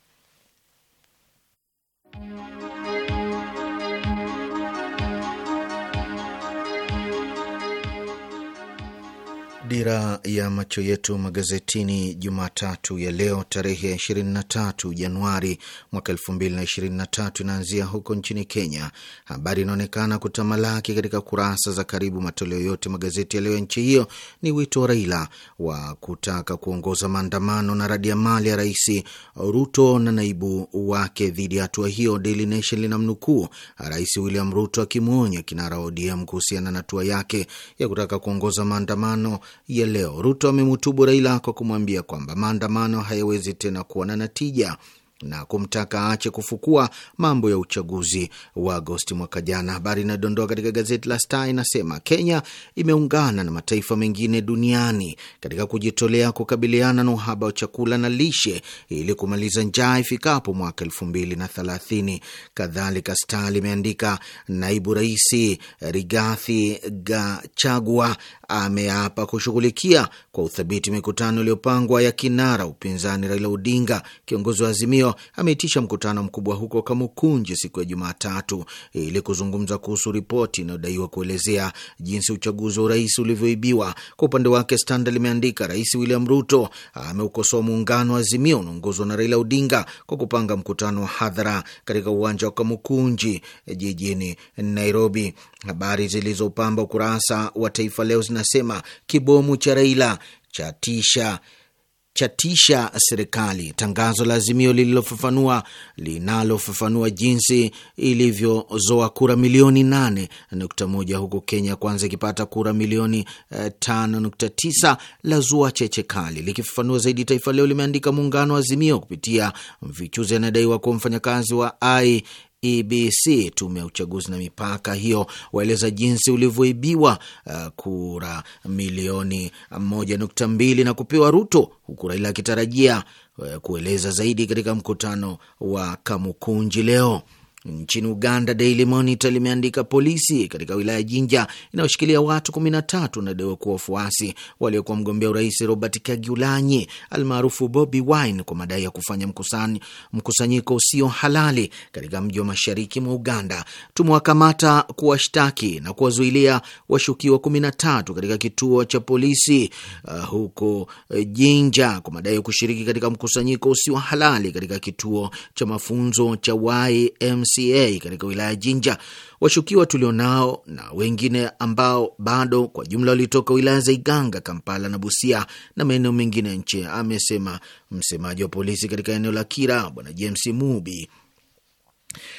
Dira ya macho yetu magazetini Jumatatu ya leo tarehe ya 23 Januari mwaka 2023 inaanzia huko nchini Kenya. Habari inaonekana kutamalaki katika kurasa za karibu matoleo yote magazeti ya leo ya nchi hiyo ni wito wa Raila wa kutaka kuongoza maandamano na radi ya mali ya Rais Ruto na naibu wake dhidi ya hatua hiyo. Daily Nation linamnukuu Rais William Ruto akimwonya kinara ODM kuhusiana na hatua yake ya kutaka kuongoza maandamano ya leo, Ruto amemutubu Raila kwa kumwambia kwamba maandamano hayawezi tena kuwa na natija na kumtaka aache kufukua mambo ya uchaguzi wa Agosti mwaka jana. Habari inayodondoa katika gazeti la Star inasema Kenya imeungana na mataifa mengine duniani katika kujitolea kukabiliana na uhaba wa chakula na lishe ili kumaliza njaa ifikapo mwaka elfu mbili na thelathini. Kadhalika, Star limeandika naibu rais Rigathi Gachagua ameapa kushughulikia kwa uthabiti mikutano iliyopangwa ya kinara upinzani Raila Odinga, kiongozi wa Azimio ameitisha mkutano mkubwa huko Kamukunji siku ya Jumatatu ili kuzungumza kuhusu ripoti inayodaiwa kuelezea jinsi uchaguzi wa urais ulivyoibiwa. Kwa upande wake, Standard limeandika Rais William Ruto ameukosoa muungano wa Azimio unaongozwa na Raila Odinga kwa kupanga mkutano wa hadhara katika uwanja wa Kamukunji jijini Nairobi. Habari zilizopamba ukurasa wa Taifa Leo zinasema kibomu cha Raila chatisha chatisha serikali. Tangazo la azimio lililofafanua linalofafanua jinsi ilivyozoa kura milioni moja huku Kenya kwanza ikipata kura milioni eh, tisa la zua cheche kali. Likifafanua zaidi, Taifa Leo limeandika muungano wa Azimio kupitia vichuzi anadaiwa kuwa mfanyakazi wa EBC, tume ya uchaguzi na mipaka hiyo, waeleza jinsi ulivyoibiwa uh, kura milioni mbili na kupewa Ruto, huku Raila akitarajia uh, kueleza zaidi katika mkutano wa Kamukunji leo. Nchini Uganda, Daily Monitor limeandika polisi katika wilaya Jinja inayoshikilia watu 13 wanadaiwa kuwa wafuasi waliokuwa mgombea urais Robert Kyagulanyi almaarufu Bobi Wine kwa madai ya kufanya mkusani, mkusanyiko usio halali katika mji wa mashariki mwa Uganda. Tumewakamata kuwashtaki na kuwazuilia washukiwa 13 katika kituo cha polisi uh, huko uh, Jinja kwa madai ya kushiriki katika mkusanyiko usio halali katika kituo cha mafunzo cha YMC RCA katika wilaya ya Jinja. Washukiwa tulionao na wengine ambao bado kwa jumla walitoka wilaya za Iganga, Kampala na Busia na maeneo mengine ya nchi, amesema msemaji wa polisi katika eneo la Kira, Bwana James Mubi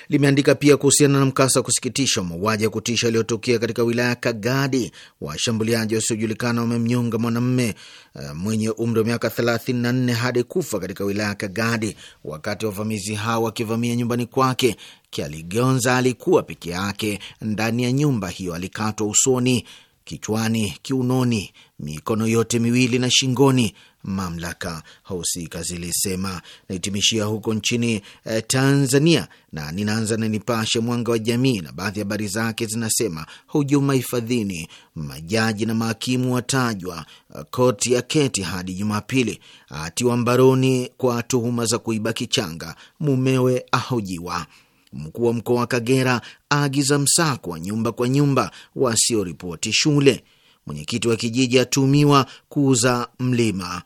limeandika pia kuhusiana na mkasa wa kusikitisha mauaji ya kutisha yaliyotokea katika wilaya ya Kagadi. Washambuliaji wasiojulikana wamemnyonga mwanamume uh, mwenye umri wa miaka 34 hadi kufa katika wilaya ya Kagadi wakati wavamizi hao wakivamia nyumbani kwake. Kialigonza alikuwa peke yake ndani ya nyumba hiyo. Alikatwa usoni, kichwani, kiunoni, mikono yote miwili na shingoni mamlaka husika zilisema. Nahitimishia huko nchini eh, Tanzania na ninaanza na Nipashe Mwanga wa Jamii, na baadhi ya habari zake zinasema: hujuma hifadhini, majaji na mahakimu watajwa, eh, koti ya keti hadi Jumapili, atiwa mbaroni kwa tuhuma za kuiba kichanga, mumewe ahojiwa Mkuu wa mkoa wa Kagera aagiza msako wa nyumba kwa nyumba wasioripoti shule. Mwenyekiti wa kijiji atumiwa kuuza mlima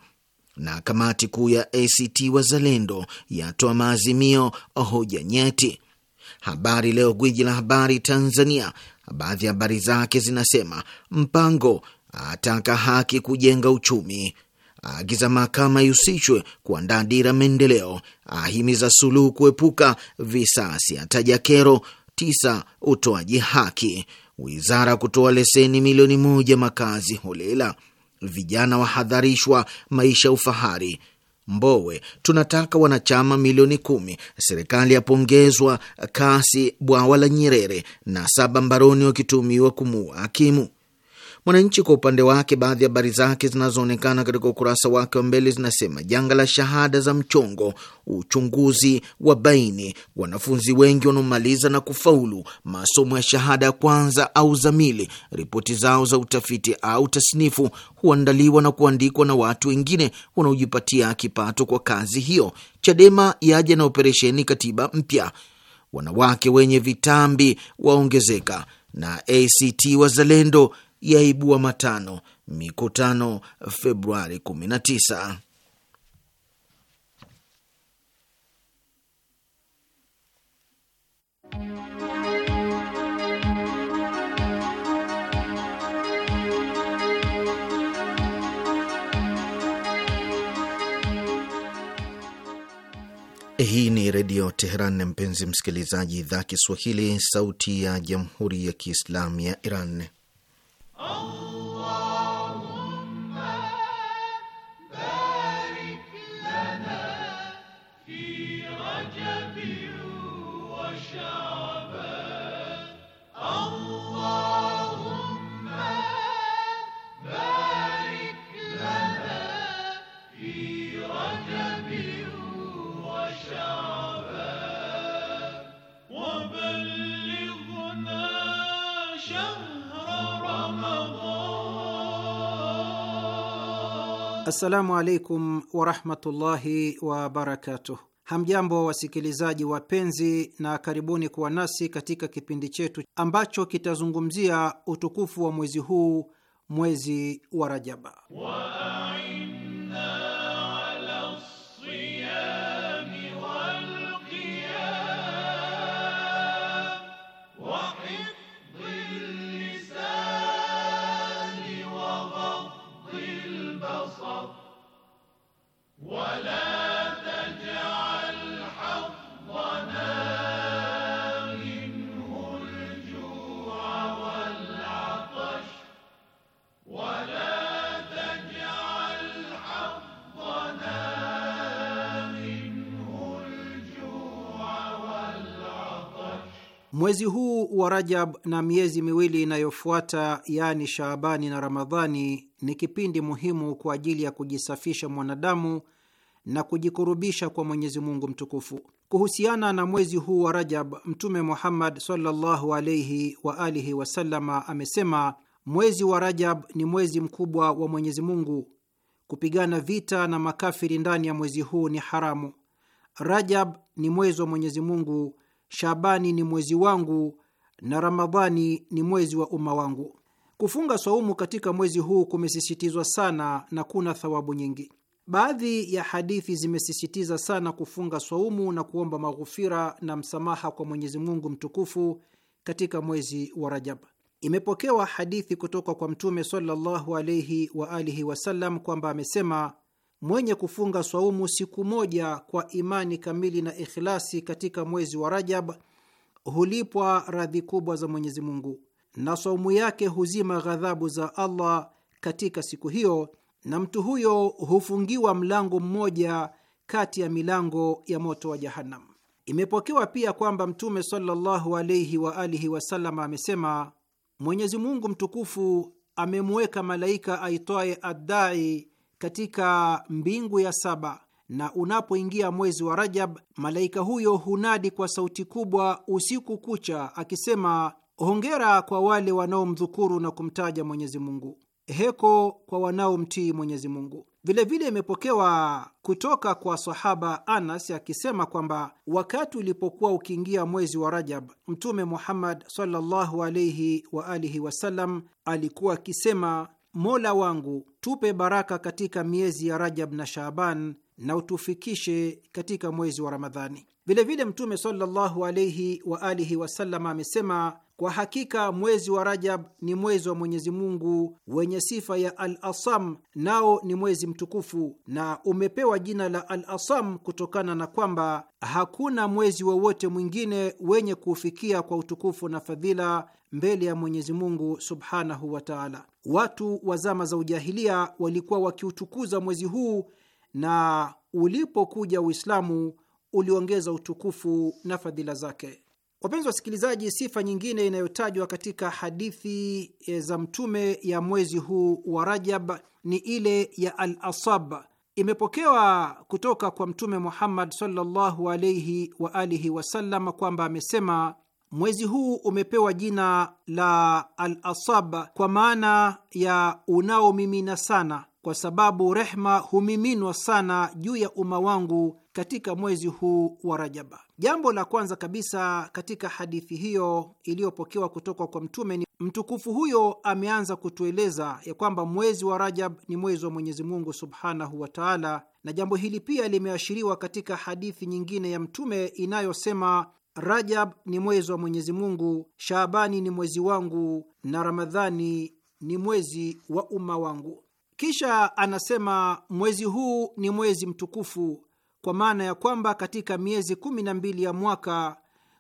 na kamati kuu ya ACT Wazalendo yatoa maazimio hoja nyeti. Habari Leo, gwiji la habari Tanzania, baadhi ya habari zake zinasema: Mpango ataka haki kujenga uchumi, agiza mahakama ihusishwe kuandaa dira maendeleo, ahimiza Suluhu kuepuka visasi, ataja kero tisa utoaji haki, wizara kutoa leseni milioni moja makazi holela vijana wahadharishwa maisha ya ufahari. Mbowe, tunataka wanachama milioni kumi. Serikali yapongezwa kasi bwawa la Nyerere na saba mbaroni wakitumiwa kumuua hakimu. Mwananchi kwa upande wake, baadhi ya habari zake zinazoonekana katika ukurasa wake wa mbele zinasema: janga la shahada za mchongo, uchunguzi wa baini, wanafunzi wengi wanaomaliza na kufaulu masomo ya shahada ya kwanza au zamili, ripoti zao za utafiti au tasnifu huandaliwa na kuandikwa na watu wengine wanaojipatia kipato kwa kazi hiyo. Chadema yaja na operesheni katiba mpya, wanawake wenye vitambi waongezeka, na ACT Wazalendo yaibua matano mikutano Februari 19. Hii ni Redio Teheran, na mpenzi msikilizaji, idhaa Kiswahili, sauti ya Jamhuri ya Kiislamu ya Iran. Oh! Assalamu alaikum warahmatullahi wabarakatuh. Hamjambo wasikilizaji wapenzi, na karibuni kuwa nasi katika kipindi chetu ambacho kitazungumzia utukufu wa mwezi huu, mwezi wa Rajaba wa Mwezi huu wa Rajab na miezi miwili inayofuata, yaani Shaabani na Ramadhani, ni kipindi muhimu kwa ajili ya kujisafisha mwanadamu na kujikurubisha kwa Mwenyezi Mungu mtukufu. Kuhusiana na mwezi huu wa Rajab, Mtume Muhammad sallallahu alaihi wa alihi wasallama amesema, mwezi wa Rajab ni mwezi mkubwa wa Mwenyezi Mungu. Kupigana vita na makafiri ndani ya mwezi huu ni haramu. Rajab ni mwezi wa Mwenyezi Mungu Shabani ni mwezi wangu na Ramadhani ni mwezi wa umma wangu. Kufunga saumu katika mwezi huu kumesisitizwa sana na kuna thawabu nyingi. Baadhi ya hadithi zimesisitiza sana kufunga saumu na kuomba maghufira na msamaha kwa Mwenyezi Mungu mtukufu katika mwezi wa Rajab. Imepokewa hadithi kutoka kwa Mtume sallallahu alaihi wa alihi wasallam kwamba amesema mwenye kufunga swaumu siku moja kwa imani kamili na ikhlasi katika mwezi wa Rajab hulipwa radhi kubwa za Mwenyezi Mungu, na saumu yake huzima ghadhabu za Allah katika siku hiyo, na mtu huyo hufungiwa mlango mmoja kati ya milango ya moto wa Jahannam. Imepokewa pia kwamba Mtume sallallahu alaihi wa alihi wasallam amesema, Mwenyezi Mungu mtukufu amemweka malaika aitwaye addai katika mbingu ya saba, na unapoingia mwezi wa Rajab, malaika huyo hunadi kwa sauti kubwa usiku kucha akisema, hongera kwa wale wanaomdhukuru na kumtaja Mwenyezi Mungu, heko kwa wanaomtii Mwenyezi Mungu. Vilevile imepokewa kutoka kwa sahaba Anas akisema kwamba wakati ulipokuwa ukiingia mwezi wa Rajab, Mtume Muhammad sallallahu alaihi wasallam alikuwa akisema Mola wangu, tupe baraka katika miezi ya Rajab na Shaaban na utufikishe katika mwezi wa Ramadhani. Vilevile Mtume sallallahu alaihi wa alihi wasallam amesema, kwa hakika mwezi wa Rajab ni mwezi wa Mwenyezi Mungu wenye sifa ya Al-Asam, nao ni mwezi mtukufu, na umepewa jina la Al-Asam kutokana na kwamba hakuna mwezi wowote mwingine wenye kuufikia kwa utukufu na fadhila mbele ya Mwenyezi Mungu subhanahu wa taala. Watu wa zama za ujahilia walikuwa wakiutukuza mwezi huu na ulipokuja Uislamu uliongeza utukufu na fadhila zake. Wapenzi wasikilizaji, sifa nyingine inayotajwa katika hadithi eh, za Mtume ya mwezi huu wa Rajab ni ile ya al-asab. Imepokewa kutoka kwa Mtume Muhammad sallallahu alaihi wa alihi wasallam kwamba amesema Mwezi huu umepewa jina la Al-Asab kwa maana ya unaomimina sana, kwa sababu rehma humiminwa sana juu ya umma wangu katika mwezi huu wa Rajaba. Jambo la kwanza kabisa katika hadithi hiyo iliyopokewa kutoka kwa Mtume ni mtukufu huyo ameanza kutueleza ya kwamba mwezi wa Rajab ni mwezi wa Mwenyezi Mungu subhanahu wa taala, na jambo hili pia limeashiriwa katika hadithi nyingine ya Mtume inayosema Rajab ni mwezi wa Mwenyezi Mungu, Shaabani ni mwezi wangu, na Ramadhani ni mwezi wa umma wangu. Kisha anasema mwezi huu ni mwezi mtukufu, kwa maana ya kwamba katika miezi kumi na mbili ya mwaka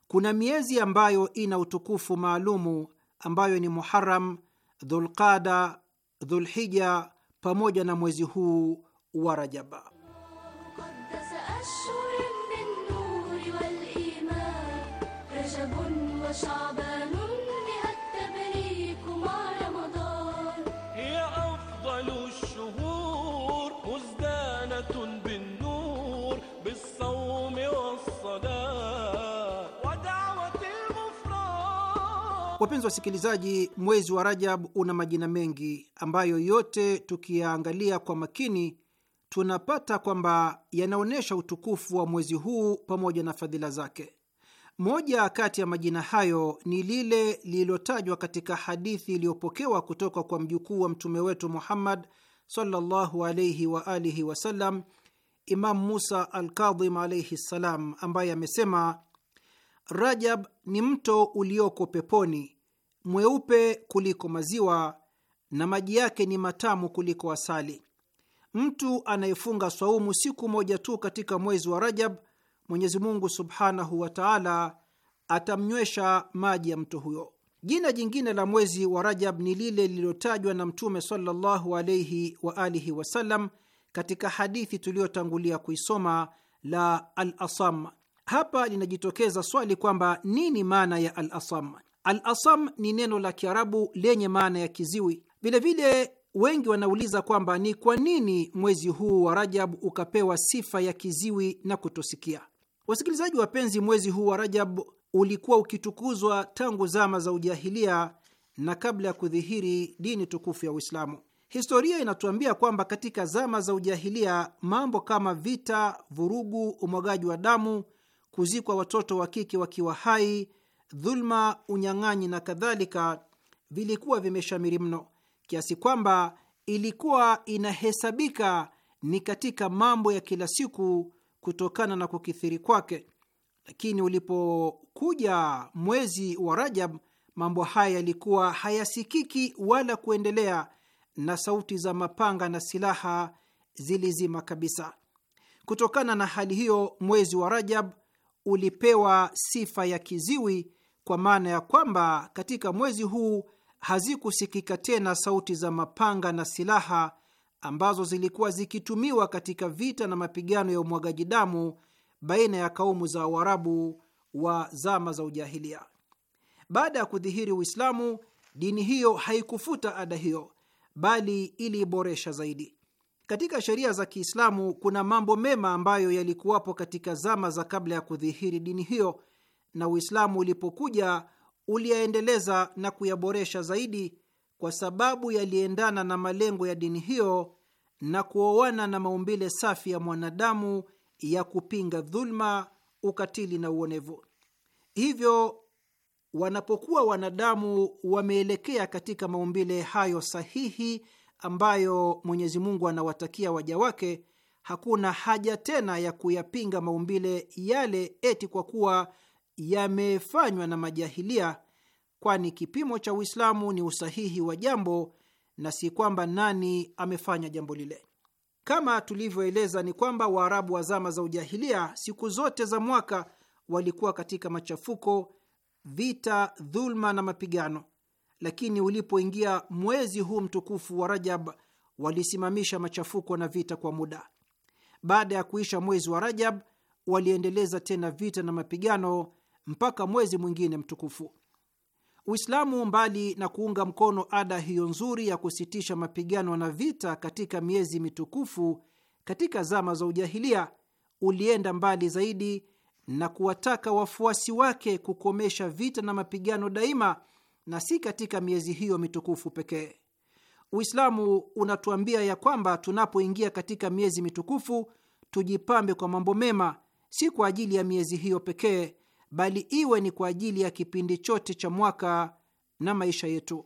kuna miezi ambayo ina utukufu maalumu, ambayo ni Muharam, Dhulqada, Dhulhija pamoja na mwezi huu wa Rajaba. وشعبان wa التبريك رمضان هي أفضل الشهور مزدانة بالنور بالصوم والصلاة Wapenzi wasikilizaji, mwezi wa Rajab una majina mengi ambayo yote tukiyaangalia kwa makini tunapata kwamba yanaonyesha utukufu wa mwezi huu pamoja na fadhila zake. Moja kati ya majina hayo ni lile lililotajwa katika hadithi iliyopokewa kutoka kwa mjukuu wa mtume wetu Muhammad sallallahu alayhi wa alihi wasallam, Imamu Musa Alkadhim alaihi ssalam, ambaye amesema Rajab ni mto ulioko peponi, mweupe kuliko maziwa na maji yake ni matamu kuliko asali. Mtu anayefunga swaumu siku moja tu katika mwezi wa Rajab Mwenyezi Mungu subhanahu wa taala atamnywesha maji ya mto huyo. Jina jingine la mwezi wa Rajab ni lile lililotajwa na Mtume sallallahu alaihi wa alihi wasallam katika hadithi tuliyotangulia kuisoma la Al Asam. Hapa linajitokeza swali kwamba nini maana ya Al Asam? Al Asam ni neno la Kiarabu lenye maana ya kiziwi. Vilevile wengi wanauliza kwamba ni kwa nini mwezi huu wa Rajab ukapewa sifa ya kiziwi na kutosikia. Wasikilizaji wapenzi, mwezi huu wa Rajab ulikuwa ukitukuzwa tangu zama za ujahilia na kabla ya kudhihiri dini tukufu ya Uislamu. Historia inatuambia kwamba katika zama za ujahilia mambo kama vita, vurugu, umwagaji wa damu, kuzikwa watoto wa kike wakiwa hai, dhulma, unyang'anyi na kadhalika vilikuwa vimeshamiri mno kiasi kwamba ilikuwa inahesabika ni katika mambo ya kila siku kutokana na kukithiri kwake, lakini ulipokuja mwezi wa Rajab mambo haya yalikuwa hayasikiki wala kuendelea, na sauti za mapanga na silaha zilizima kabisa. Kutokana na hali hiyo, mwezi wa Rajab ulipewa sifa ya kiziwi, kwa maana ya kwamba katika mwezi huu hazikusikika tena sauti za mapanga na silaha ambazo zilikuwa zikitumiwa katika vita na mapigano ya umwagaji damu baina ya kaumu za Waarabu wa zama za ujahilia. Baada ya kudhihiri Uislamu, dini hiyo haikufuta ada hiyo, bali iliiboresha zaidi. Katika sheria za Kiislamu kuna mambo mema ambayo yalikuwapo katika zama za kabla ya kudhihiri dini hiyo, na Uislamu ulipokuja uliyaendeleza na kuyaboresha zaidi kwa sababu yaliendana na malengo ya dini hiyo na kuoana na maumbile safi ya mwanadamu ya kupinga dhuluma, ukatili na uonevu. Hivyo wanapokuwa wanadamu wameelekea katika maumbile hayo sahihi ambayo Mwenyezi Mungu anawatakia waja wake, hakuna haja tena ya kuyapinga maumbile yale eti kwa kuwa yamefanywa na majahilia kwani kipimo cha Uislamu ni usahihi wa jambo na si kwamba nani amefanya jambo lile. Kama tulivyoeleza, ni kwamba Waarabu wa zama za ujahilia siku zote za mwaka walikuwa katika machafuko, vita, dhuluma na mapigano, lakini ulipoingia mwezi huu mtukufu wa Rajab walisimamisha machafuko na vita kwa muda. Baada ya kuisha mwezi wa Rajab waliendeleza tena vita na mapigano mpaka mwezi mwingine mtukufu. Uislamu mbali na kuunga mkono ada hiyo nzuri ya kusitisha mapigano na vita katika miezi mitukufu katika zama za ujahilia, ulienda mbali zaidi na kuwataka wafuasi wake kukomesha vita na mapigano daima na si katika miezi hiyo mitukufu pekee. Uislamu unatuambia ya kwamba tunapoingia katika miezi mitukufu tujipambe kwa mambo mema, si kwa ajili ya miezi hiyo pekee bali iwe ni kwa ajili ya kipindi chote cha mwaka na maisha yetu.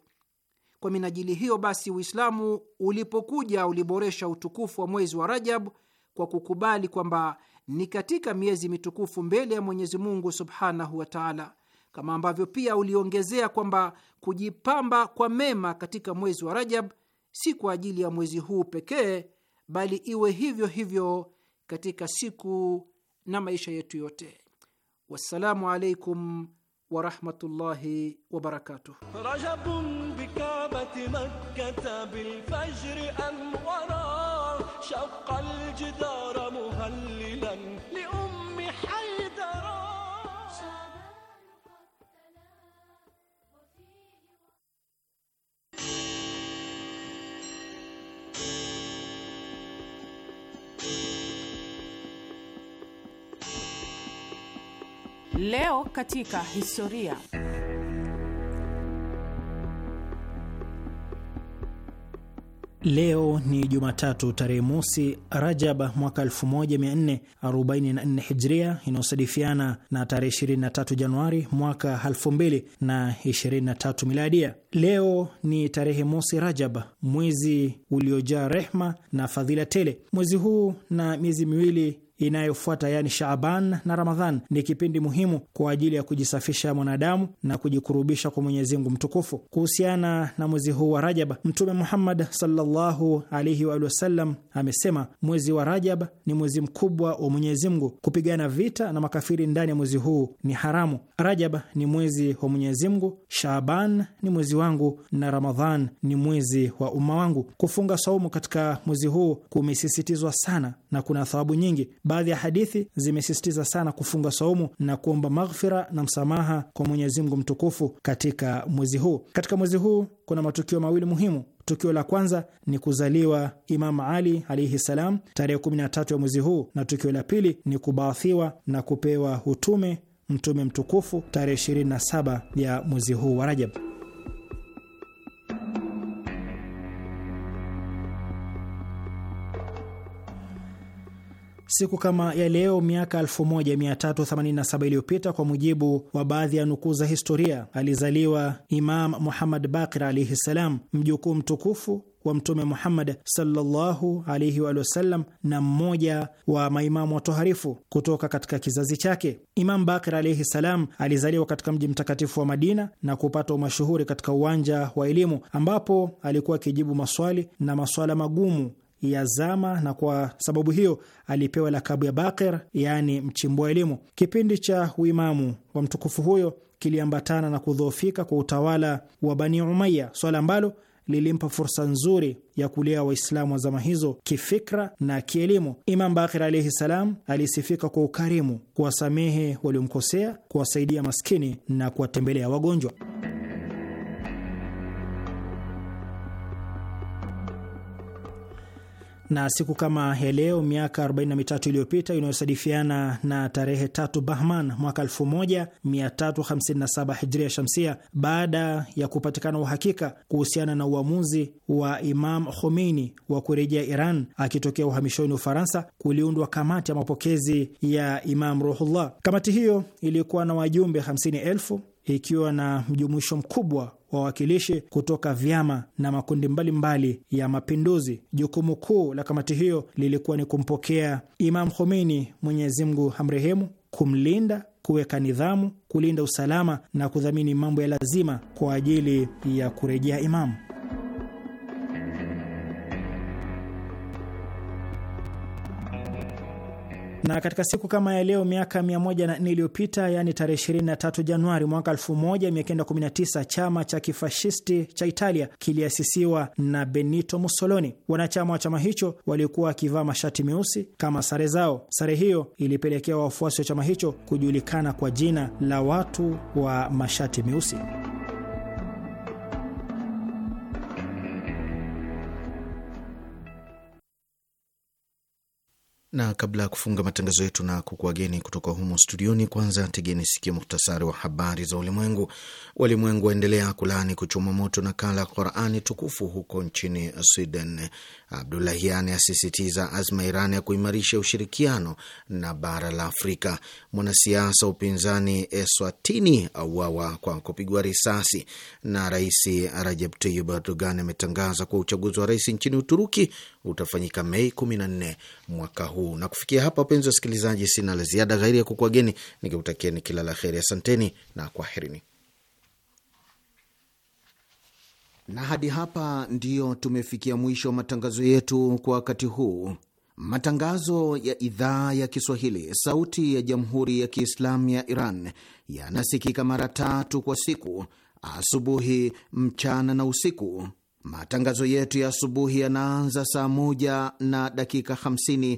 Kwa minajili hiyo basi, Uislamu ulipokuja uliboresha utukufu wa mwezi wa Rajab kwa kukubali kwamba ni katika miezi mitukufu mbele ya Mwenyezi Mungu subhanahu wa taala, kama ambavyo pia uliongezea kwamba kujipamba kwa mema katika mwezi wa Rajab si kwa ajili ya mwezi huu pekee, bali iwe hivyo hivyo katika siku na maisha yetu yote. wassalamu alaikum ورحمة الله وبركاته رجب بكعبة مكة بالفجر أنورا شق الجدار مهللا Leo katika historia. Leo ni Jumatatu tarehe mosi Rajab mwaka 1444 Hijria, inayosadifiana na tarehe 23 Januari mwaka 2023 Miladia. Leo ni tarehe mosi Rajab, mwezi uliojaa rehma na fadhila tele. Mwezi huu na miezi miwili inayofuata yani Shaaban na Ramadhan ni kipindi muhimu kwa ajili ya kujisafisha mwanadamu na kujikurubisha kwa Mwenyezi Mungu mtukufu. Kuhusiana na mwezi huu wa Rajab, Mtume Muhammad sallallahu alaihi wa amesema, mwezi wa Rajab ni mwezi mkubwa wa Mwenyezi Mungu. Kupigana vita na makafiri ndani ya mwezi huu ni haramu. Rajab ni mwezi wa Mwenyezi Mungu, Shaaban ni mwezi wangu na Ramadhan ni mwezi wa umma wangu. Kufunga saumu katika mwezi huu kumesisitizwa sana na kuna thawabu nyingi. Baadhi ya hadithi zimesisitiza sana kufunga saumu na kuomba maghfira na msamaha kwa Mwenyezi Mungu mtukufu katika mwezi huu. Katika mwezi huu kuna matukio mawili muhimu. Tukio la kwanza ni kuzaliwa Imam Ali alaihi ssalam tarehe 13 ya mwezi huu, na tukio la pili ni kubaathiwa na kupewa utume mtume mtukufu tarehe 27 ya mwezi huu wa Rajab. Siku kama ya leo miaka 1387 iliyopita, kwa mujibu wa baadhi ya nukuu za historia, alizaliwa Imam Muhammad Bakir alaihi ssalam, mjukuu mtukufu wa Mtume Muhammad sallallahu alaihi wa na mmoja wa maimamu watoharifu kutoka katika kizazi chake. Imam Bakir alaihi salam alizaliwa katika mji mtakatifu wa Madina na kupata umashuhuri katika uwanja wa elimu, ambapo alikuwa akijibu maswali na maswala magumu ya zama, na kwa sababu hiyo alipewa lakabu ya Bakir, yaani mchimbua elimu. Kipindi cha uimamu wa mtukufu huyo kiliambatana na kudhoofika kwa utawala wa Bani Umaya, swala ambalo lilimpa fursa nzuri ya kulea Waislamu wa zama hizo kifikra na kielimu. Imam Bakir alaihi salam alisifika kwa ukarimu, kuwasamehe waliomkosea, kuwasaidia maskini na kuwatembelea wagonjwa. na siku kama ya leo miaka 43 iliyopita inayosadifiana na tarehe tatu Bahman mwaka 1357 hijria shamsia, baada ya kupatikana uhakika kuhusiana na uamuzi wa Imam Khomeini wa kurejea Iran akitokea uhamishoni Ufaransa, kuliundwa kamati ya mapokezi ya Imam Ruhullah. Kamati hiyo ilikuwa na wajumbe 50,000 ikiwa na mjumuisho mkubwa wawakilishi kutoka vyama na makundi mbalimbali mbali ya mapinduzi. Jukumu kuu la kamati hiyo lilikuwa ni kumpokea Imam Khomeini, Mwenyezi Mungu amrehemu, kumlinda, kuweka nidhamu, kulinda usalama na kudhamini mambo ya lazima kwa ajili ya kurejea Imamu. Na katika siku kama ya leo miaka 104 iliyopita, yaani tarehe 23 Januari mwaka 1919, chama cha kifashisti cha Italia kiliasisiwa na Benito Mussolini. Wanachama wa chama hicho walikuwa wakivaa mashati meusi kama sare zao. Sare hiyo ilipelekea wafuasi wa chama hicho kujulikana kwa jina la watu wa mashati meusi. na kabla ya kufunga matangazo yetu na kukuageni kutoka humo studioni, kwanza tegeni sikio muhtasari wa habari za ulimwengu. Walimwengu waendelea kulaani kuchoma moto nakala ya Qurani tukufu huko nchini Sweden. Abdulahiani asisitiza azma Iran ya kuimarisha ushirikiano na bara la Afrika. Mwanasiasa upinzani Eswatini auawa kwa kupigwa risasi. Na Rais Rajab Tayyip Erdogan ametangaza kuwa uchaguzi wa rais nchini Uturuki utafanyika Mei 14 mwaka huu huu. Na kufikia hapa, wapenzi wasikilizaji, sina la ziada ghairi ya kukuageni nikiutakieni kila la heri. Asanteni na kwaherini. Na hadi hapa ndiyo tumefikia mwisho wa matangazo yetu kwa wakati huu. Matangazo ya idhaa ya Kiswahili, sauti ya jamhuri ya kiislamu ya Iran yanasikika mara tatu kwa siku: asubuhi, mchana na usiku. Matangazo yetu ya asubuhi yanaanza saa moja na dakika 50